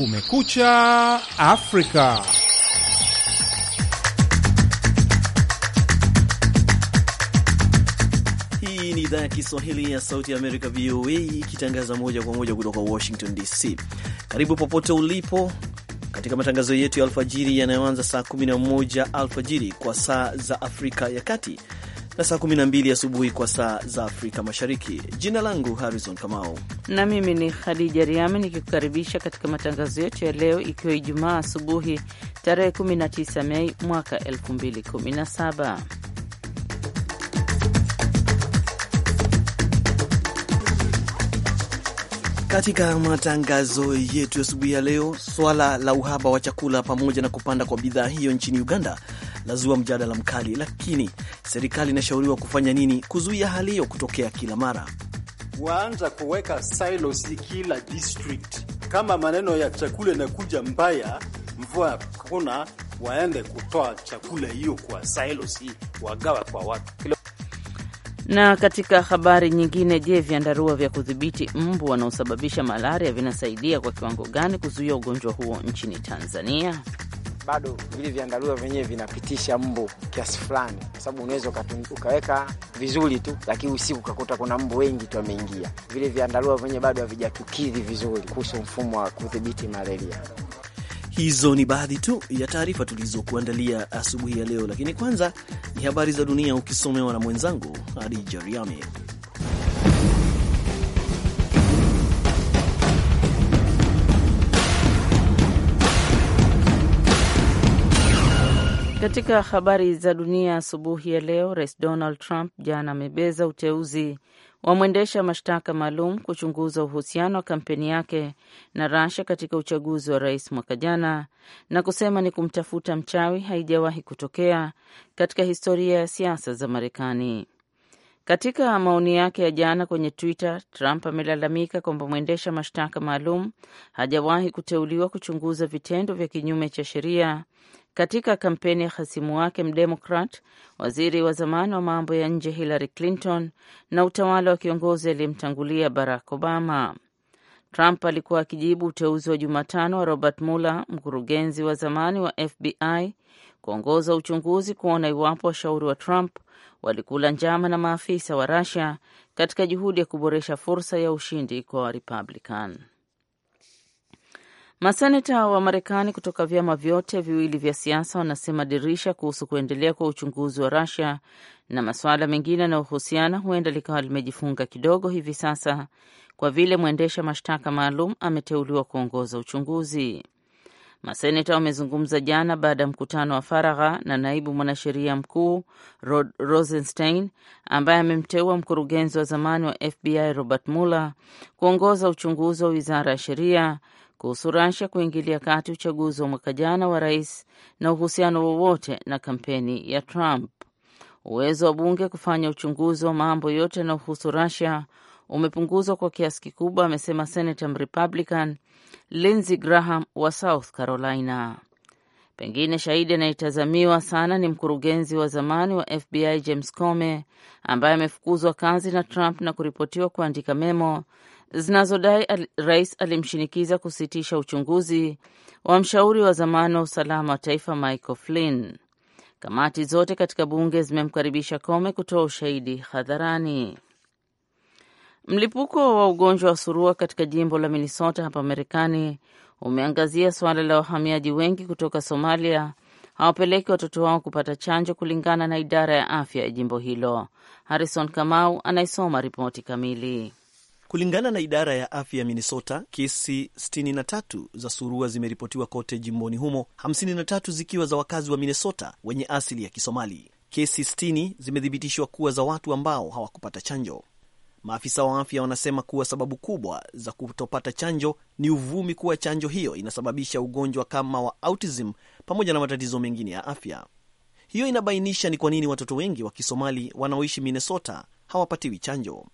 Kumekucha Afrika. Hii ni idhaa ya Kiswahili ya Sauti ya Amerika, VOA, ikitangaza moja kwa moja kutoka Washington DC. Karibu popote ulipo katika matangazo yetu ya alfajiri yanayoanza saa 11 alfajiri kwa saa za Afrika ya Kati na saa 12 asubuhi kwa saa za Afrika Mashariki. Jina langu Harrison Kamau na mimi ni Khadija Riami nikikukaribisha katika matangazo yetu ya leo, ikiwa Ijumaa asubuhi tarehe 19 Mei mwaka 2017. Katika matangazo yetu asubuhi ya leo, swala la uhaba wa chakula pamoja na kupanda kwa bidhaa hiyo nchini Uganda lazua mjadala mkali, lakini serikali inashauriwa kufanya nini kuzuia hali hiyo kutokea kila mara? Waanza kuweka silos kila district. Kama maneno ya chakula inakuja mbaya, mvua kuna waende kutoa chakula hiyo kwa silos, wagawa kwa watu. Na katika habari nyingine, je, vyandarua vya kudhibiti mbu wanaosababisha malaria vinasaidia kwa kiwango gani kuzuia ugonjwa huo nchini Tanzania? Bado vile vyandarua vyenyewe vinapitisha mbu kiasi fulani, kwa sababu unaweza ukaweka vizuri tu, lakini usiku ukakuta kuna mbu wengi tu wameingia. Vile vyandarua vyenyewe bado havijatukidhi vizuri kuhusu mfumo wa kudhibiti malaria. Hizo ni baadhi tu ya taarifa tulizokuandalia asubuhi ya leo, lakini kwanza ni habari za dunia ukisomewa na mwenzangu hadi Jariami. Katika habari za dunia asubuhi ya leo, Rais Donald Trump jana amebeza uteuzi wamwendesha mashtaka maalum kuchunguza uhusiano wa kampeni yake na Rasha katika uchaguzi wa rais mwaka jana, na kusema ni kumtafuta mchawi haijawahi kutokea katika historia ya siasa za Marekani. Katika maoni yake ya jana kwenye Twitter, Trump amelalamika kwamba mwendesha mashtaka maalum hajawahi kuteuliwa kuchunguza vitendo vya kinyume cha sheria katika kampeni ya hasimu wake Mdemokrat, waziri wa zamani wa mambo ya nje Hillary Clinton na utawala wa kiongozi aliyemtangulia Barack Obama. Trump alikuwa akijibu uteuzi wa Jumatano wa Robert Mueller, mkurugenzi wa zamani wa FBI, kuongoza uchunguzi kuona iwapo washauri wa Trump walikula njama na maafisa wa Russia katika juhudi ya kuboresha fursa ya ushindi kwa Warepublican. Maseneta wa Marekani kutoka vyama vyote viwili vya siasa wanasema dirisha kuhusu kuendelea kwa uchunguzi wa rusia na masuala mengine yanayohusiana huenda likawa limejifunga kidogo hivi sasa kwa vile mwendesha mashtaka maalum ameteuliwa kuongoza uchunguzi. Maseneta wamezungumza jana baada ya mkutano wa faragha na naibu mwanasheria mkuu Rod Rosenstein ambaye amemteua mkurugenzi wa zamani wa FBI Robert Mueller kuongoza uchunguzi wa wizara ya sheria kuhusu Russia kuingilia kati uchaguzi wa mwaka jana wa rais na uhusiano wowote na kampeni ya Trump. Uwezo wa bunge kufanya uchunguzi wa mambo yote yanayohusu Rasia umepunguzwa kwa kiasi kikubwa, amesema senata Mrepublican Lindsey Graham wa South Carolina. Pengine shahidi anayetazamiwa sana ni mkurugenzi wa zamani wa FBI James Comey ambaye amefukuzwa kazi na Trump na kuripotiwa kuandika memo zinazodai al, rais alimshinikiza kusitisha uchunguzi wa mshauri wa zamani wa usalama wa taifa Michael Flynn. Kamati zote katika bunge zimemkaribisha Kome kutoa ushahidi hadharani. Mlipuko wa ugonjwa wa surua katika jimbo la Minnesota hapa Marekani umeangazia suala la wahamiaji wengi kutoka Somalia hawapeleki watoto wao kupata chanjo, kulingana na idara ya afya ya jimbo hilo. Harrison Kamau anaisoma ripoti kamili. Kulingana na idara ya afya ya Minnesota, kesi 63 za surua zimeripotiwa kote jimboni humo, 53 zikiwa za wakazi wa Minnesota wenye asili ya Kisomali. Kesi 60 zimethibitishwa kuwa za watu ambao hawakupata chanjo. Maafisa wa afya wanasema kuwa sababu kubwa za kutopata chanjo ni uvumi kuwa chanjo hiyo inasababisha ugonjwa kama wa autism pamoja na matatizo mengine ya afya. Hiyo inabainisha ni kwa nini watoto wengi wa Kisomali wanaoishi Minnesota hawapatiwi chanjo.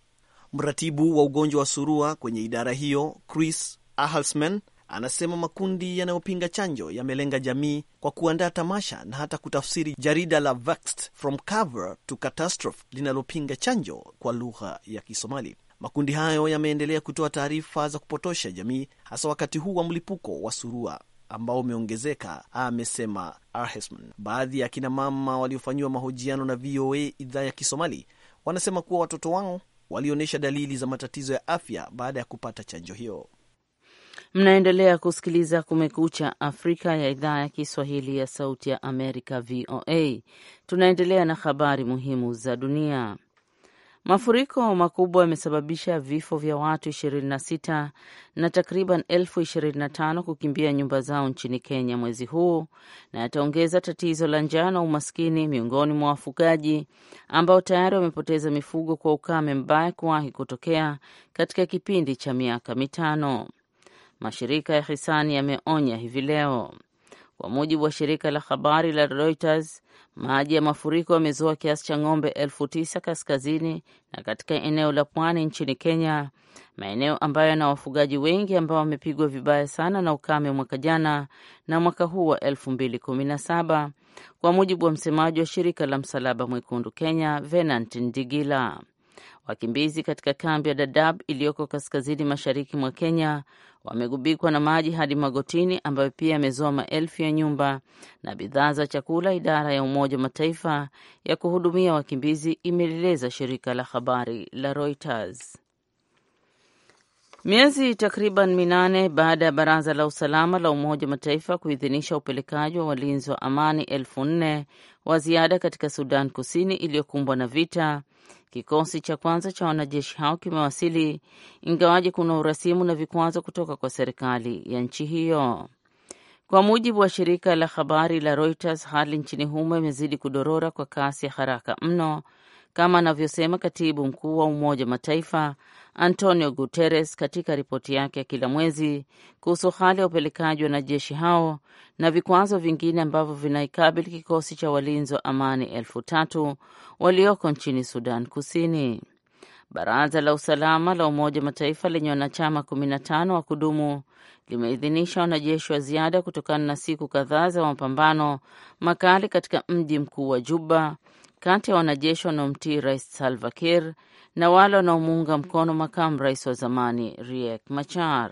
Mratibu wa ugonjwa wa surua kwenye idara hiyo Chris Ahalsman anasema makundi yanayopinga chanjo yamelenga jamii kwa kuandaa tamasha na hata kutafsiri jarida la Vaxxed From Cover to Catastrophe linalopinga chanjo kwa lugha ya Kisomali. Makundi hayo yameendelea kutoa taarifa za kupotosha jamii, hasa wakati huu wa mlipuko wa surua ambao umeongezeka, amesema Ahesman. Baadhi ya akinamama waliofanyiwa mahojiano na VOA idhaa ya Kisomali wanasema kuwa watoto wao walionyesha dalili za matatizo ya afya baada ya kupata chanjo hiyo. Mnaendelea kusikiliza Kumekucha Afrika ya idhaa ya Kiswahili ya Sauti ya Amerika, VOA. Tunaendelea na habari muhimu za dunia. Mafuriko makubwa yamesababisha vifo vya watu 26 na takriban elfu 25 kukimbia nyumba zao nchini Kenya mwezi huu na yataongeza tatizo la njaa na umaskini miongoni mwa wafugaji ambao tayari wamepoteza mifugo kwa ukame mbaya kuwahi kutokea katika kipindi cha miaka mitano. Mashirika ya hisani yameonya hivi leo. Kwa mujibu wa shirika la habari la Reuters, maji ya mafuriko yamezoa kiasi cha ng'ombe elfu tisa kaskazini na katika eneo la pwani nchini Kenya, maeneo ambayo yana wafugaji wengi ambao wamepigwa vibaya sana na ukame mwaka jana na mwaka huu wa 2017, kwa mujibu wa msemaji wa shirika la Msalaba Mwekundu Kenya, Venant Ndigila. Wakimbizi katika kambi ya Dadaab iliyoko kaskazini mashariki mwa Kenya wamegubikwa na maji hadi magotini, ambayo pia yamezoa maelfu ya nyumba na bidhaa za chakula. Idara ya Umoja wa Mataifa ya kuhudumia wakimbizi imeeleza shirika la habari la Reuters. Miezi takriban minane baada ya baraza la usalama la Umoja wa Mataifa kuidhinisha upelekaji wa walinzi wa amani elfu nne wa ziada katika Sudan Kusini iliyokumbwa na vita, kikosi cha kwanza cha wanajeshi hao kimewasili, ingawaje kuna urasimu na vikwazo kutoka kwa serikali ya nchi hiyo. Kwa mujibu wa shirika la habari la Reuters, hali nchini humo imezidi kudorora kwa kasi ya haraka mno, kama anavyosema katibu mkuu wa Umoja wa Mataifa Antonio Guterres katika ripoti yake ya kila mwezi kuhusu hali ya upelekaji wa wanajeshi hao na vikwazo vingine ambavyo vinaikabili kikosi cha walinzi wa amani elfu tatu walioko nchini Sudan Kusini. Baraza la Usalama la Umoja wa Mataifa lenye wanachama 15 wa kudumu limeidhinisha wanajeshi wa ziada kutokana na siku kadhaa za mapambano makali katika mji mkuu wa Juba kati ya wanajeshi wanaomtii Rais Salva Kiir na wale wanaomuunga mkono makamu rais wa zamani Riek Machar.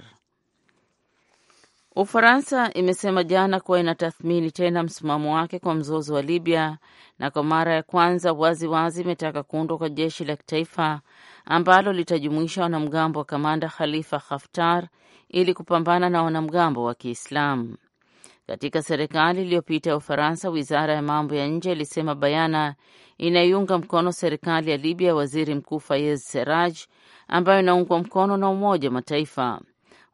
Ufaransa imesema jana kuwa inatathmini tena msimamo wake kwa mzozo wa Libya na kwa mara ya kwanza waziwazi imetaka kuundwa kwa jeshi la kitaifa ambalo litajumuisha wanamgambo wa kamanda Khalifa Haftar ili kupambana na wanamgambo wa Kiislamu. Katika serikali iliyopita ya Ufaransa, wizara ya mambo ya nje ilisema bayana inaiunga mkono serikali ya Libya ya waziri mkuu Fayez Seraj, ambayo inaungwa mkono na Umoja wa Mataifa,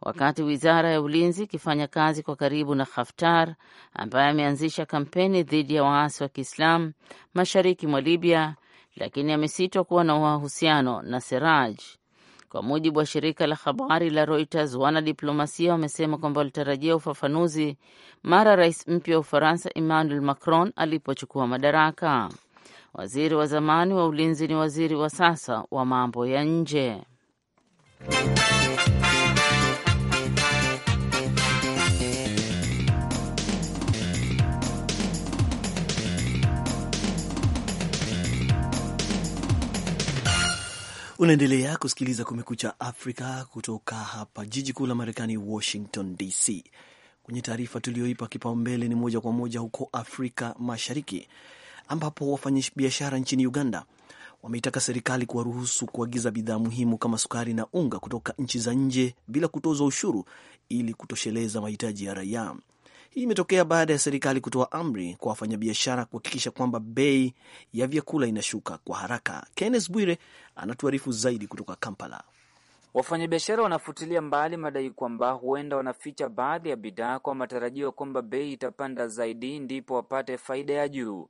wakati wizara ya ulinzi ikifanya kazi kwa karibu na Haftar ambaye ameanzisha kampeni dhidi ya waasi wa Kiislamu mashariki mwa Libya, lakini amesitwa kuwa na uhusiano na Seraj. Kwa mujibu wa shirika la habari la Reuters, wanadiplomasia wamesema kwamba walitarajia ufafanuzi mara rais mpya wa Ufaransa Emmanuel Macron alipochukua madaraka. Waziri wa zamani wa ulinzi ni waziri wa sasa wa mambo ya nje. Unaendelea kusikiliza Kumekucha Afrika kutoka hapa jiji kuu la Marekani, Washington DC. Kwenye taarifa tuliyoipa kipaumbele ni moja kwa moja huko Afrika Mashariki, ambapo wafanyabiashara nchini Uganda wameitaka serikali kuwaruhusu kuagiza bidhaa muhimu kama sukari na unga kutoka nchi za nje bila kutozwa ushuru ili kutosheleza mahitaji ya raia. Hii imetokea baada ya serikali kutoa amri kwa wafanyabiashara kuhakikisha kwamba bei ya vyakula inashuka kwa haraka. Kenneth Bwire anatuarifu zaidi kutoka Kampala. Wafanyabiashara wanafutilia mbali madai kwamba huenda wanaficha baadhi ya bidhaa kwa matarajio kwamba bei itapanda zaidi ndipo wapate faida ya juu.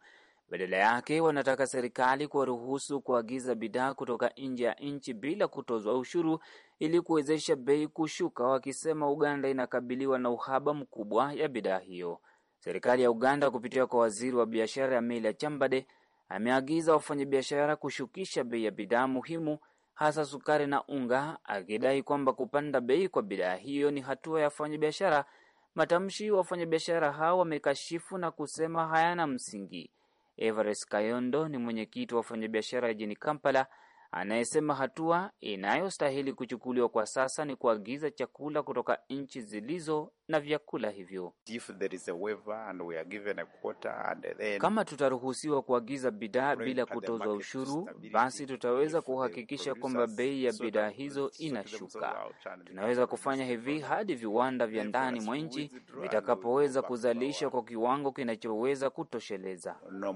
Badala yake wanataka serikali kuwaruhusu kuagiza bidhaa kutoka nje ya nchi bila kutozwa ushuru ili kuwezesha bei kushuka, wakisema Uganda inakabiliwa na uhaba mkubwa ya bidhaa hiyo. Serikali ya Uganda kupitia kwa waziri wa biashara Amelia Chambade ameagiza wafanyabiashara kushukisha bei ya bidhaa muhimu, hasa sukari na unga, akidai kwamba kupanda bei kwa bidhaa hiyo ni hatua ya wafanyabiashara. Matamshi wafanyabiashara hao wamekashifu na kusema hayana msingi. Everest Kayondo ni mwenyekiti wa wafanyabiashara jijini Kampala anayesema hatua inayostahili kuchukuliwa kwa sasa ni kuagiza chakula kutoka nchi zilizo na vyakula hivyo. Then... kama tutaruhusiwa kuagiza bidhaa bila kutozwa ushuru, basi tutaweza kuhakikisha kwamba bei ya bidhaa hizo inashuka. Tunaweza kufanya hivi hadi viwanda vya ndani mwa nchi vitakapoweza kuzalisha kwa kiwango kinachoweza kutosheleza no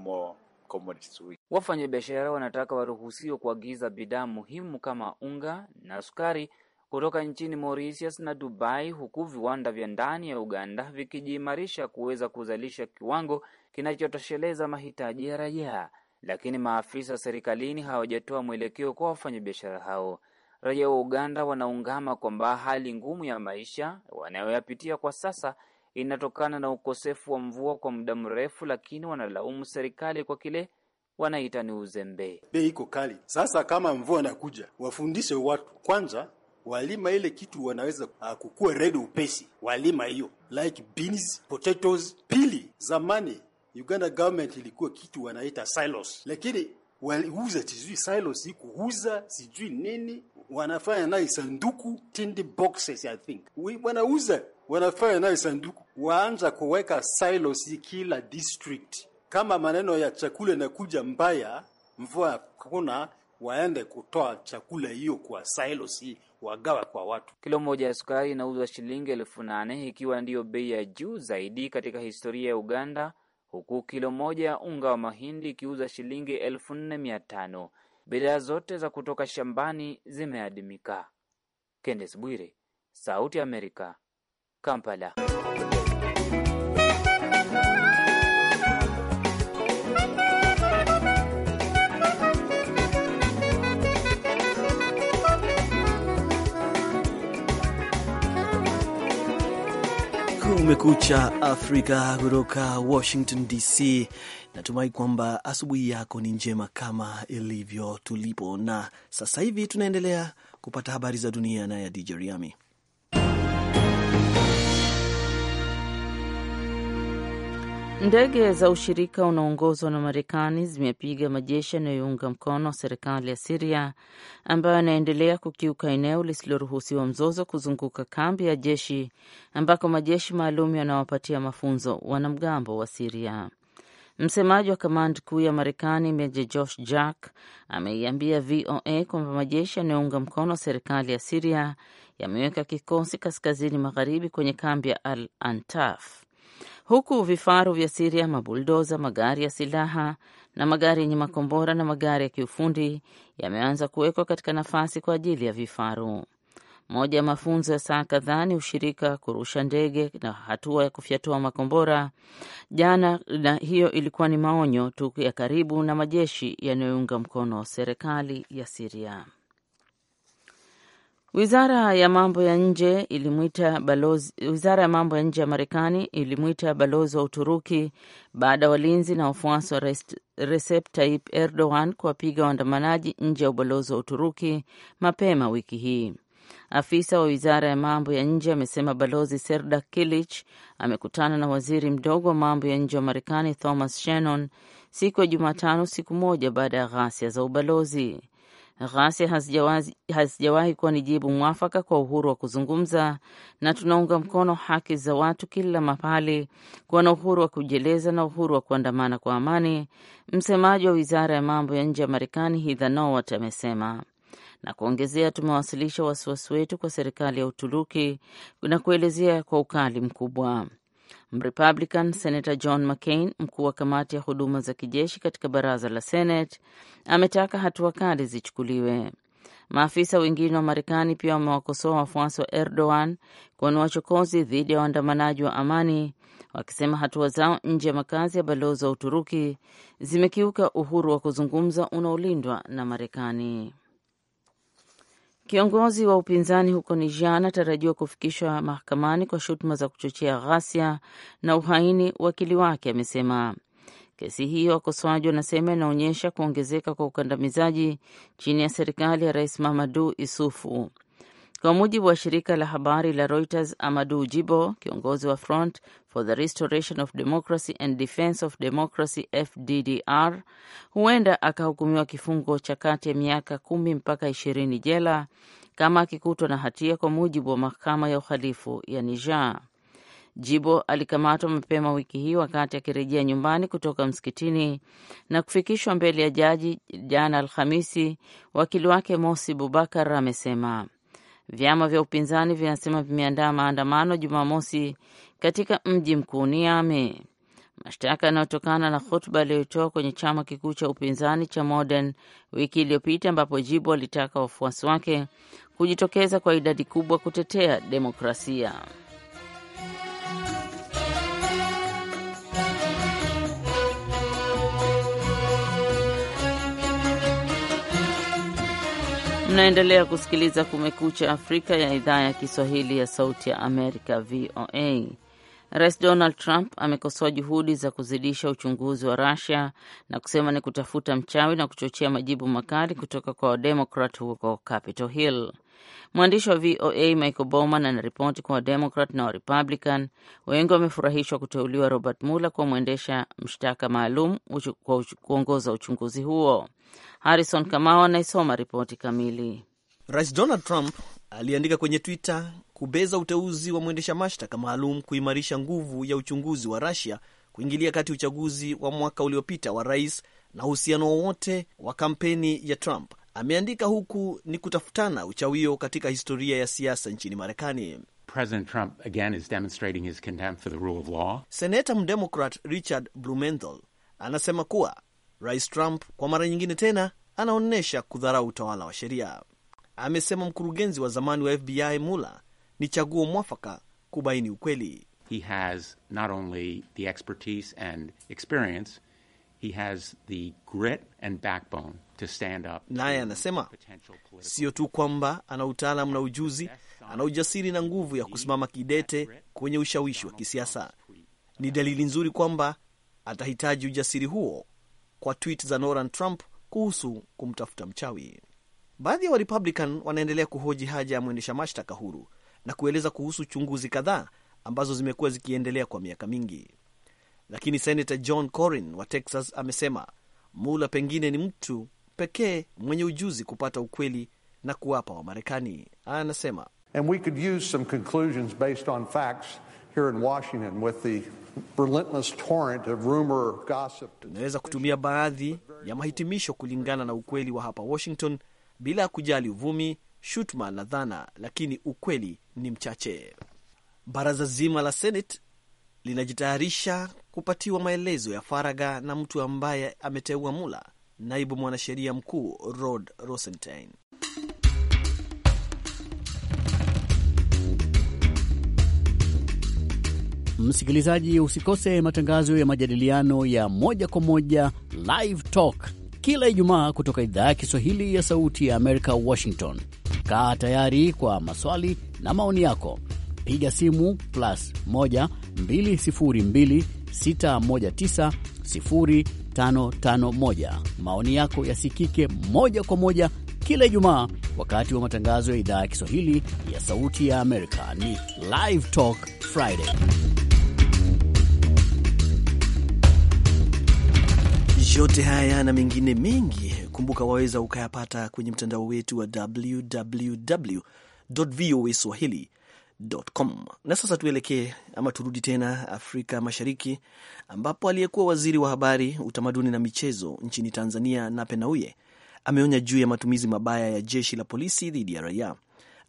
Wafanyabiashara wanataka waruhusiwe kuagiza bidhaa muhimu kama unga na sukari kutoka nchini Mauritius na Dubai huku viwanda vya ndani ya Uganda vikijiimarisha kuweza kuzalisha kiwango kinachotosheleza mahitaji ya raia, lakini maafisa serikalini hawajatoa mwelekeo kwa wafanyabiashara hao. Raia wa Uganda wanaungama kwamba hali ngumu ya maisha wanayoyapitia kwa sasa inatokana na ukosefu wa mvua kwa muda mrefu, lakini wanalaumu serikali kwa kile wanaita ni uzembe. Bei iko kali sasa. Kama mvua inakuja, wafundishe watu kwanza, walima ile kitu wanaweza ah, kukua redo upesi, walima hiyo like beans, potatoes. Pili, zamani Uganda government ilikuwa kitu wanaita silos, lakini waliuza sijui silos kuuza sijui nini, wanafanya naye sanduku tindi boxes I think wanauza, wanafanya naye sanduku, waanza kuweka silos kila district. Kama maneno ya chakula inakuja mbaya, mvua hakuna, waende kutoa chakula hiyo kwa silos hii wagawa kwa watu. Kilo moja ya sukari inauzwa shilingi elfu nane ikiwa ndiyo bei ya juu zaidi katika historia ya Uganda huku kilo moja ya unga wa mahindi ikiuza shilingi elfu nne mia tano. Bidhaa zote za kutoka shambani zimeadimika. Kendes Bwire, Sauti ya Amerika, Kampala. Kumekucha Afrika kutoka Washington DC. Natumai kwamba asubuhi yako ni njema kama ilivyo tulipo, na sasa hivi tunaendelea kupata habari za dunia naye ya Riami. Ndege za ushirika unaoongozwa na Marekani zimepiga majeshi yanayoiunga mkono serikali ya Siria ambayo yanaendelea kukiuka eneo lisiloruhusiwa mzozo kuzunguka kambi ya jeshi ambako majeshi maalum yanawapatia mafunzo wanamgambo wa Siria. Msemaji wa kamandi kuu ya Marekani Meja Josh Jack ameiambia VOA kwamba majeshi yanayounga mkono serikali ya Siria yameweka kikosi kaskazini magharibi kwenye kambi ya Al Antaf huku vifaru vya Siria, mabuldoza, magari ya silaha na magari yenye makombora na magari ya kiufundi yameanza kuwekwa katika nafasi kwa ajili ya vifaru. Moja ya mafunzo ya saa kadhaa ni ushirika kurusha ndege na hatua ya kufyatua makombora jana, na hiyo ilikuwa ni maonyo tu ya karibu na majeshi yanayounga mkono serikali ya Siria. Wizara ya mambo ya nje ilimwita balozi, wizara ya mambo ya nje ya Marekani ilimwita balozi wa Uturuki baada ya walinzi na wafuasi wa Recep Tayyip Erdogan kuwapiga waandamanaji nje ya ubalozi wa Uturuki mapema wiki hii. Afisa wa wizara ya mambo ya nje amesema balozi serda Kilich amekutana na waziri mdogo wa mambo ya nje wa Marekani Thomas Shannon siku ya Jumatano, siku moja baada ya ghasia za ubalozi. Ghasia hazijawahi kuwa ni jibu mwafaka kwa uhuru wa kuzungumza, na tunaunga mkono haki za watu kila mahali kuwa na uhuru wa kujieleza na uhuru wa kuandamana kwa amani, msemaji wa wizara ya mambo ya nje ya Marekani Heather Nauert amesema na kuongezea, tumewasilisha wasiwasi wetu kwa serikali ya Uturuki na kuelezea kwa ukali mkubwa Mrepublican Senator John McCain, mkuu wa kamati ya huduma za kijeshi katika baraza la Senate, ametaka hatua kali zichukuliwe. Maafisa wengine wa Marekani pia wamewakosoa wafuasi wa Erdogan kuwa ni wachokozi dhidi ya waandamanaji wa amani, wakisema hatua zao nje ya makazi ya balozi wa Uturuki zimekiuka uhuru wa kuzungumza unaolindwa na Marekani. Kiongozi wa upinzani huko Niger anatarajiwa kufikishwa mahakamani kwa shutuma za kuchochea ghasia na uhaini, wakili wake amesema. Kesi hiyo wakosoaji wanasema inaonyesha kuongezeka kwa ukandamizaji chini ya serikali ya Rais Mamadu Isufu. Kwa mujibu wa shirika la habari la Reuters, Amadu Jibo, kiongozi wa Front for the Restoration of Democracy and Defense of Democracy FDDR, huenda akahukumiwa kifungo cha kati ya miaka kumi mpaka ishirini jela kama akikutwa na hatia, kwa mujibu wa mahakama ya uhalifu ya Niger. Jibo alikamatwa mapema wiki hii wakati akirejea nyumbani kutoka msikitini na kufikishwa mbele ya jaji jana Alhamisi. Wakili wake Mosi Bubakar amesema Vyama vya upinzani vinasema vimeandaa maandamano Jumamosi katika mji mkuu ame Mashtaka yanayotokana na hotuba aliyoitoa kwenye chama kikuu cha upinzani cha Modern wiki iliyopita, ambapo Jibo alitaka wafuasi wake kujitokeza kwa idadi kubwa kutetea demokrasia. Mnaendelea kusikiliza Kumekucha Afrika ya idhaa ya Kiswahili ya Sauti ya Amerika, VOA. Rais Donald Trump amekosoa juhudi za kuzidisha uchunguzi wa Russia na kusema ni kutafuta mchawi na kuchochea majibu makali kutoka kwa Wademokrat huko Capitol Hill. Mwandishi wa VOA Michael Bowman anaripoti kwa Wademokrat na Warepublican wengi wamefurahishwa kuteuliwa Robert Mueller kwa mwendesha mshtaka maalum kwa kuongoza uchunguzi huo. Harrison Kamau anaisoma ripoti kamili. Rais Donald Trump aliandika kwenye Twitter kubeza uteuzi wa mwendesha mashtaka maalum kuimarisha nguvu ya uchunguzi wa rusia kuingilia kati uchaguzi wa mwaka uliopita wa rais na uhusiano wowote wa kampeni ya Trump ameandika huku ni kutafutana uchawio katika historia ya siasa nchini Marekani. President Trump again is demonstrating his contempt for the rule of law. Seneta mdemokrat Richard Blumenthal anasema kuwa Rais Trump kwa mara nyingine tena anaonyesha kudharau utawala wa sheria. Amesema mkurugenzi wa zamani wa FBI Mueller ni chaguo mwafaka kubaini ukweli. He has not only the expertise and experience He has the grit and backbone to stand up. Naye anasema sio tu kwamba ana utaalamu na ujuzi, ana ujasiri na nguvu ya kusimama kidete kwenye ushawishi wa kisiasa. Ni dalili nzuri kwamba atahitaji ujasiri huo kwa tweet za Donald Trump kuhusu kumtafuta mchawi. Baadhi ya wa Republican wanaendelea kuhoji haja ya mwendesha mashtaka huru na kueleza kuhusu chunguzi kadhaa ambazo zimekuwa zikiendelea kwa miaka mingi lakini senata John corin wa Texas amesema Mula pengine ni mtu pekee mwenye ujuzi kupata ukweli na kuwapa Wamarekani. Anasema tunaweza kutumia baadhi ya mahitimisho kulingana na ukweli wa hapa Washington bila ya kujali uvumi, shutuma na dhana, lakini ukweli ni mchache. Baraza zima la Senate linajitayarisha kupatiwa maelezo ya faragha na mtu ambaye ameteua Mula, naibu mwanasheria mkuu Rod Rosenstein. Msikilizaji, usikose matangazo ya majadiliano ya moja kwa moja Live Talk kila Ijumaa kutoka idhaa ya Kiswahili ya Sauti ya Amerika, Washington. Kaa tayari kwa maswali na maoni yako piga simu plus 1 Maoni yako yasikike moja kwa moja kila Ijumaa wakati wa matangazo ya idhaa ya Kiswahili ya Sauti ya Amerika. Ni Live Talk Friday. Yote haya na mengine mengi, kumbuka, waweza ukayapata kwenye mtandao wetu wa www voa swahili Com. Na sasa tuelekee ama turudi tena Afrika Mashariki ambapo aliyekuwa waziri wa habari, utamaduni na michezo nchini Tanzania Nape Nnauye ameonya juu ya matumizi mabaya ya jeshi la polisi dhidi ya raia.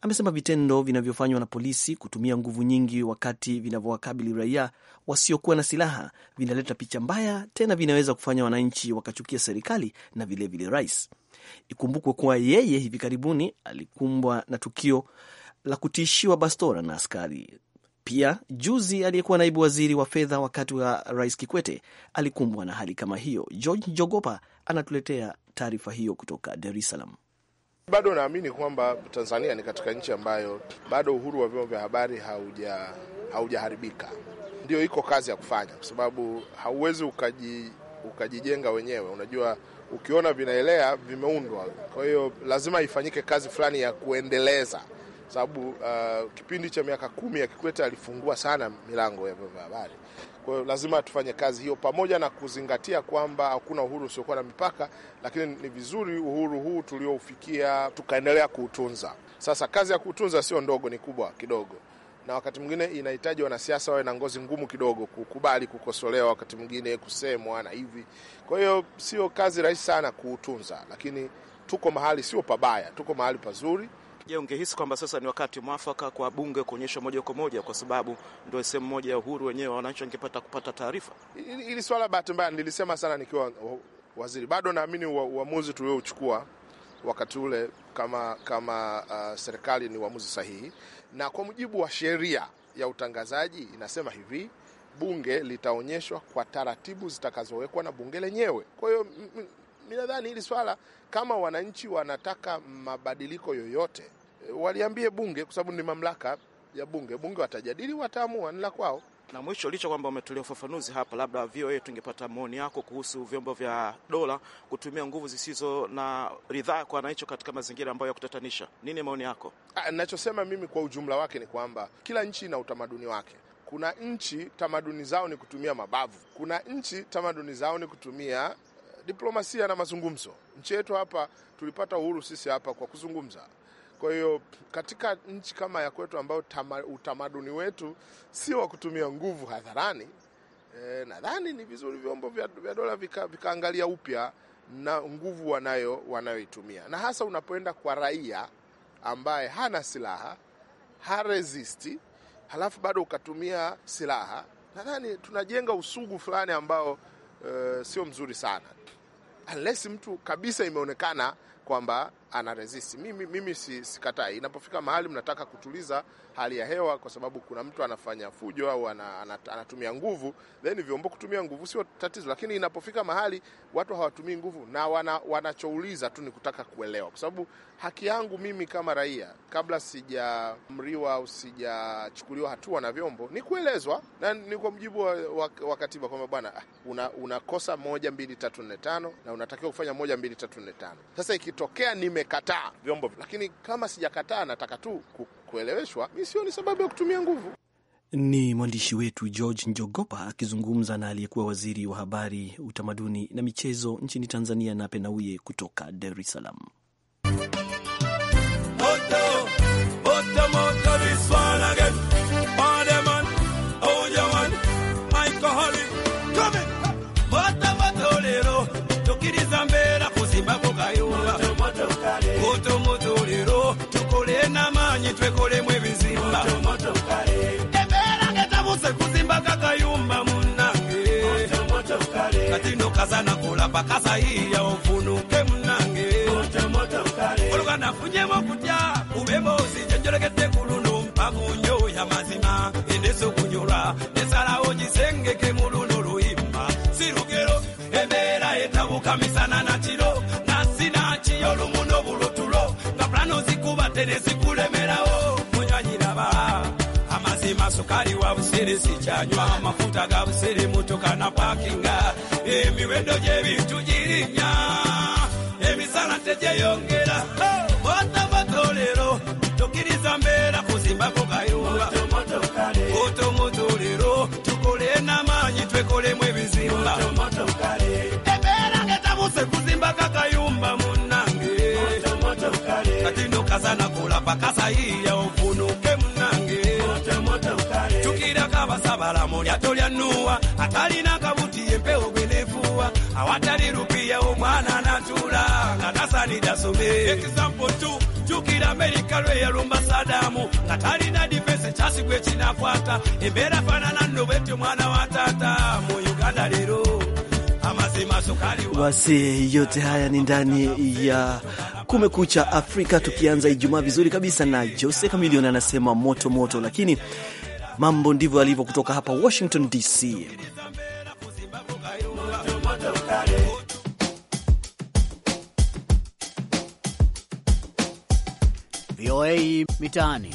Amesema vitendo vinavyofanywa na polisi kutumia nguvu nyingi wakati vinavyowakabili raia wasiokuwa na silaha vinaleta picha mbaya, tena vinaweza kufanya wananchi wakachukia serikali na vilevile vile rais. Ikumbukwe kuwa yeye hivi karibuni alikumbwa na tukio la kutishiwa bastora na askari. Pia juzi aliyekuwa naibu waziri wa fedha wakati wa Rais Kikwete alikumbwa na hali kama hiyo. George Jogopa anatuletea taarifa hiyo kutoka Dar es Salaam. Bado naamini kwamba Tanzania ni katika nchi ambayo bado uhuru wa vyombo vya habari hauja haujaharibika. Ndio iko kazi ya kufanya, kwa sababu hauwezi ukaji ukajijenga wenyewe. Unajua, ukiona vinaelea vimeundwa, kwa hiyo lazima ifanyike kazi fulani ya kuendeleza sababu uh, kipindi cha miaka kumi ya Kikwete alifungua sana milango ya vyombo vya habari. Kwa hiyo lazima tufanye kazi hiyo, pamoja na kuzingatia kwamba hakuna uhuru usiokuwa na mipaka, lakini ni vizuri uhuru huu tulioufikia tukaendelea kuutunza. Sasa kazi ya kuutunza sio ndogo, ni kubwa kidogo na wakati mwingine inahitaji wanasiasa wawe na ngozi ngumu kidogo, kukubali kukosolewa, wakati mwingine kusemwa na hivi. Kwa hiyo sio kazi rahisi sana kuutunza, lakini tuko mahali sio pabaya, tuko mahali pazuri. Je, ungehisi kwamba sasa ni wakati mwafaka kwa bunge kuonyesha moja kwa moja, kwa sababu ndio sehemu moja ya uhuru wenyewe wananchi wangepata kupata taarifa? Hili swala bahati mbaya nilisema sana nikiwa waziri, bado naamini uamuzi tuliouchukua wakati ule kama, kama uh, serikali ni uamuzi sahihi, na kwa mujibu wa sheria ya utangazaji inasema hivi bunge litaonyeshwa kwa taratibu zitakazowekwa na bunge lenyewe. Kwa hiyo mi nadhani hili swala, kama wananchi wanataka mabadiliko yoyote, eh, waliambie bunge, kwa sababu ni mamlaka ya bunge. Bunge watajadili, wataamua, ni la kwao. Na mwisho, licha kwamba umetolea ufafanuzi hapa, labda VOA tungepata maoni yako kuhusu vyombo vya dola kutumia nguvu zisizo na ridhaa kwa wananchi katika mazingira ambayo ya kutatanisha. Nini maoni yako? Ah, ninachosema mimi kwa ujumla wake ni kwamba kila nchi ina utamaduni wake. Kuna nchi tamaduni zao ni kutumia mabavu, kuna nchi tamaduni zao ni kutumia diplomasia na mazungumzo. Nchi yetu hapa tulipata uhuru sisi hapa kwa kuzungumza. Kwa hiyo katika nchi kama ya kwetu ambayo utamaduni wetu si wa kutumia nguvu hadharani, e, nadhani ni vizuri vyombo vya, vya dola vikaangalia vika upya na nguvu wanayo wanayoitumia, na hasa unapoenda kwa raia ambaye hana silaha haresisti, halafu bado ukatumia silaha, nadhani tunajenga usugu fulani ambao e, sio mzuri sana unless mtu kabisa imeonekana kwamba ana resist. Mimi, mimi sikatai. Inapofika mahali mnataka kutuliza hali ya hewa, kwa sababu kuna mtu anafanya fujo au anatumia nguvu, then vyombo kutumia nguvu sio tatizo, lakini inapofika mahali watu hawatumii nguvu na wana, wanachouliza tu ni kutaka kuelewa, kwa sababu haki yangu mimi kama raia, kabla sijaamriwa au sijachukuliwa hatua na vyombo, ni kuelezwa na ni kwa mujibu wa katiba kwamba bwana, ah, unakosa una moja mbili tatu nne tano na unatakiwa kufanya moja mbili tatu nne tano. Sasa iki ikitokea nimekataa vyombo, lakini kama sijakataa, nataka tu kueleweshwa, mi sioni sababu ya kutumia nguvu. Ni mwandishi wetu George Njogopa akizungumza na aliyekuwa waziri wa habari, utamaduni na michezo nchini Tanzania, Nape Nnauye kutoka Dar es Salaam. lino kazana kulapa kaza iya ofunuke munange oluga nafunyemo kutya ubemo sijenjolekete kuluno mpagunyo ya mazima endeso kunyola nesalawo gisengeke muluno luimba sirugero embeera etabuka misana na kiro nasina kiyo lumuno bulutulo nga pulano zikubate ne zikulemerawo munywanyiraba amazima sukali wa busiri sichanywa mafuta ga busiri mutukana pakinga emiwendo gy'ebintu girinnya emisala tegyeyongera motomotolero tukiriza mbeera kuzimbako gayumba otomotolero tukole n'amaanyi twekolemu ebizimba ebeera getabuse kuzimbaka gayumba munnange kati no kasana kola pakasayiya ofunuke munnange tukirako abasabalamu lyato lya nuwa atalina awatalirupiya umwana natula nga tasanida some ekisampo tu jukira amerika lwe yalumba sadamu nga talina difensi ekyasi gwe kinakwata embeera fanana nno bwetyo mwana wa taata mu uganda leero basi yote haya ni ndani ya Kumekucha Afrika, tukianza Ijumaa vizuri kabisa na Jose Kamilion anasema moto moto, lakini mambo ndivyo alivyo kutoka hapa Washington DC. VOA Mitaani.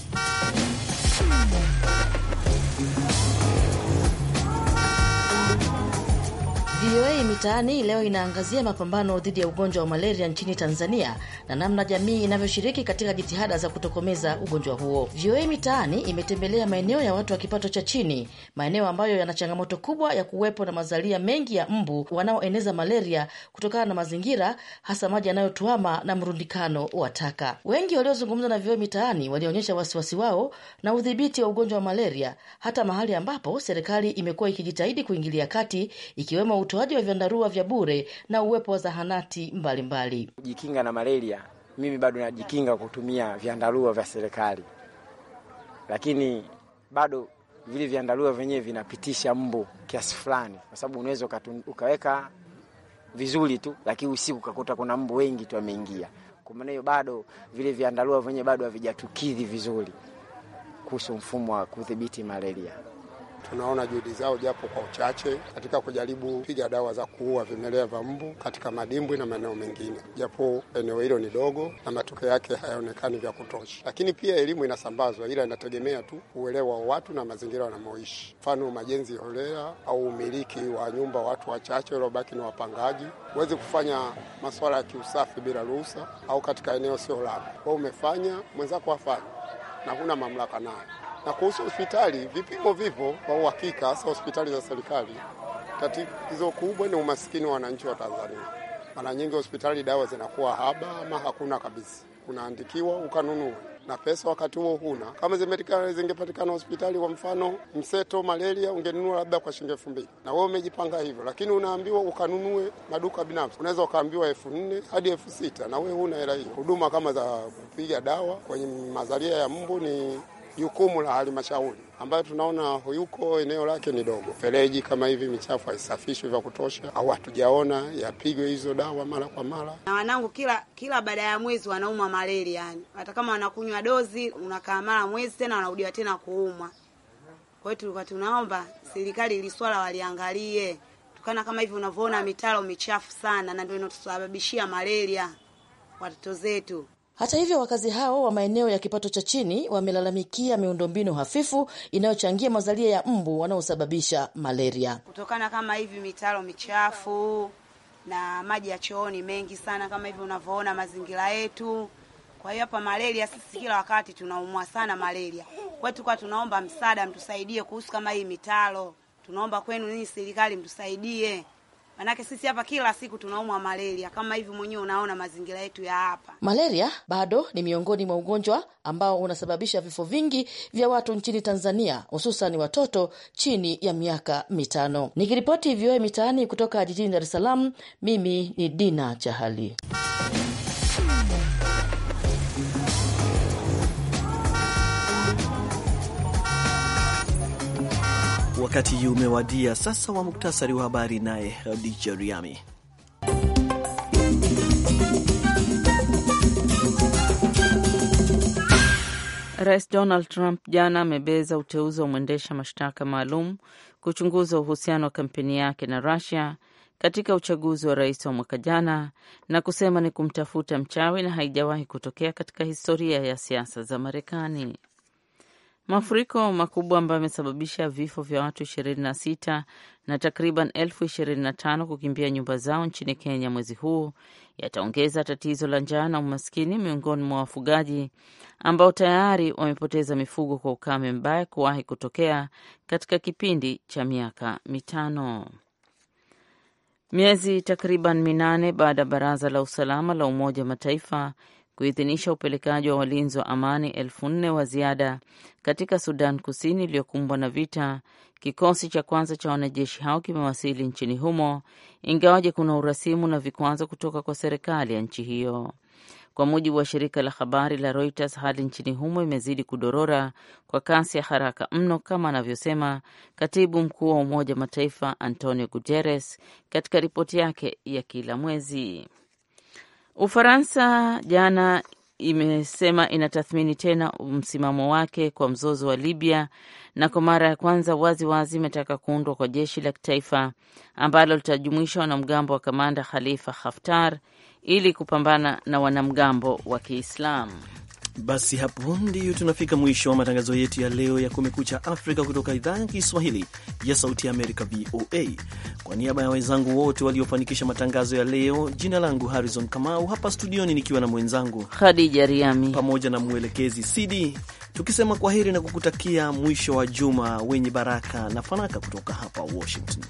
VOA Mitaani leo inaangazia mapambano dhidi ya ugonjwa wa malaria nchini Tanzania na namna jamii inavyoshiriki katika jitihada za kutokomeza ugonjwa huo. VOA Mitaani imetembelea maeneo ya watu wa kipato cha chini, maeneo ambayo yana changamoto kubwa ya kuwepo na mazalia mengi ya mbu wanaoeneza malaria kutokana na mazingira, hasa maji yanayotuama na mrundikano wa taka. Wengi waliozungumza na VOA Mitaani walionyesha wasiwasi wao na udhibiti wa ugonjwa wa malaria, hata mahali ambapo serikali imekuwa ikijitahidi kuingilia kati ikiwemo utoa utoaji wa vyandarua vya bure na uwepo wa zahanati mbalimbali. Kujikinga na malaria, mimi bado najikinga kutumia vyandarua vya serikali, lakini bado vile vyandarua vyenyewe vinapitisha mbu kiasi fulani, kwa sababu unaweza ukaweka vizuri tu, lakini usiku ukakuta kuna mbu wengi tu ameingia. Kwa maana hiyo, bado vile vyandarua vyenyewe bado havijatukidhi vizuri kuhusu mfumo wa kudhibiti malaria tunaona juhudi zao japo kwa uchache katika kujaribu piga dawa za kuua vimelea vya mbu katika madimbwi na maeneo mengine, japo eneo hilo ni dogo na matokeo yake hayaonekani vya kutosha. Lakini pia elimu inasambazwa, ila inategemea tu uelewa wa watu na mazingira wanamoishi, mfano majenzi holela au umiliki wa nyumba watu wachache waliobaki ni wapangaji. Huwezi kufanya masuala ya kiusafi bila ruhusa, au katika eneo sio lako, wewe umefanya, mwenzako afanya, na huna mamlaka nayo. Na kuhusu hospitali, vipimo vipo kwa uhakika, hasa hospitali za serikali. Tatizo kubwa ni umasikini wa wananchi wa Tanzania. Mara nyingi hospitali dawa zinakuwa haba ama hakuna kabisa, unaandikiwa ukanunua na pesa wakati huo huna. Kama zingepatikana hospitali kwa mfano Mseto malaria, ungenunua labda kwa shilingi elfu mbili na wewe umejipanga hivyo, lakini unaambiwa ukanunue maduka binafsi, unaweza ukaambiwa elfu nne hadi elfu sita na wewe huna hela hiyo. Huduma kama za kupiga dawa kwenye mazalia ya mbu ni jukumu la halmashauri ambayo tunaona huyuko eneo lake ni dogo. Fereji kama hivi michafu haisafishwi vya kutosha, au hatujaona yapigwe hizo dawa mara kwa mara. Na wanangu kila kila baada ya mwezi wanaumwa malaria, yani hata kama wanakunywa dozi, unakaa mara mwezi tena wanarudiwa tena kuumwa. Kwa hiyo tulikuwa tunaomba serikali ili swala waliangalie, tukana kama hivi unavyoona mitaro michafu sana, na ndio inatusababishia malaria watoto zetu. Hata hivyo wakazi hao wa maeneo ya kipato cha chini wamelalamikia miundombinu hafifu inayochangia mazalia ya mbu wanaosababisha malaria, kutokana kama hivi mitaro michafu na maji ya chooni mengi sana, kama hivyo unavyoona mazingira yetu. Kwa hiyo hapa malaria, sisi kila wakati tunaumwa sana malaria. Kwa tunaomba msaada, mtusaidie kuhusu kama hii mitaro. Tunaomba kwenu ninyi serikali mtusaidie. Manake sisi hapa kila siku tunaumwa malaria, kama hivi mwenyewe unaona mazingira yetu ya hapa. Malaria bado ni miongoni mwa ugonjwa ambao unasababisha vifo vingi vya watu nchini Tanzania, hususan watoto chini ya miaka mitano. Nikiripoti VOA Mitaani kutoka jijini Dar es Salaam, mimi ni Dina Chahali. Wakati umewadia sasa wa muktasari wa habari, naye Hadija Riami. Rais Donald Trump jana amebeza uteuzi wa mwendesha mashtaka maalum kuchunguza uhusiano wa kampeni yake na rusia katika uchaguzi wa rais wa mwaka jana na kusema ni kumtafuta mchawi na haijawahi kutokea katika historia ya siasa za Marekani. Mafuriko makubwa ambayo yamesababisha vifo vya watu 26 na takriban elfu 25 kukimbia nyumba zao nchini Kenya mwezi huu yataongeza tatizo la njaa na umaskini miongoni mwa wafugaji ambao tayari wamepoteza mifugo kwa ukame mbaya kuwahi kutokea katika kipindi cha miaka mitano. Miezi takriban minane baada ya baraza la usalama la Umoja wa Mataifa kuidhinisha upelekaji wa walinzi wa amani elfu nne wa ziada katika Sudan Kusini iliyokumbwa na vita. Kikosi cha kwanza cha wanajeshi hao kimewasili nchini humo, ingawaje kuna urasimu na vikwazo kutoka kwa serikali ya nchi hiyo. Kwa mujibu wa shirika la habari la Reuters, hali nchini humo imezidi kudorora kwa kasi ya haraka mno, kama anavyosema katibu mkuu wa Umoja wa Mataifa Antonio Guterres katika ripoti yake ya kila mwezi. Ufaransa jana imesema inatathmini tena msimamo wake kwa mzozo wa Libya na kwa mara ya kwanza wazi wazi imetaka kuundwa kwa jeshi la kitaifa ambalo litajumuisha wanamgambo wa kamanda Khalifa Haftar ili kupambana na wanamgambo wa Kiislamu. Basi hapo ndio tunafika mwisho wa matangazo yetu ya leo ya Kumekucha Afrika kutoka idhaa ya Kiswahili ya Sauti ya Amerika, VOA. Kwa niaba ya wenzangu wote waliofanikisha matangazo ya leo, jina langu Harrison Kamau, hapa studioni nikiwa na mwenzangu Khadija Riami pamoja na mwelekezi CD, tukisema kwa heri na kukutakia mwisho wa juma wenye baraka na fanaka kutoka hapa Washington.